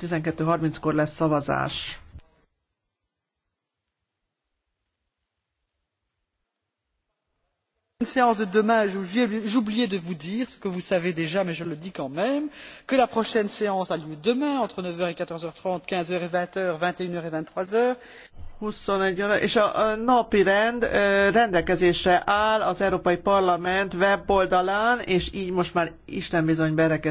12.30-kor lesz szavazás. Une séance de demain, j'ai oublié de vous dire ce que vous savez déjà, mais je le dis quand même, que la prochaine séance a lieu demain entre 9h et 14h30, 15h et 20h, 21h et 23h. 21 óra, és a napi rend rendelkezésre áll az Európai Parlament weboldalán, és így most már Isten bizony berekezt.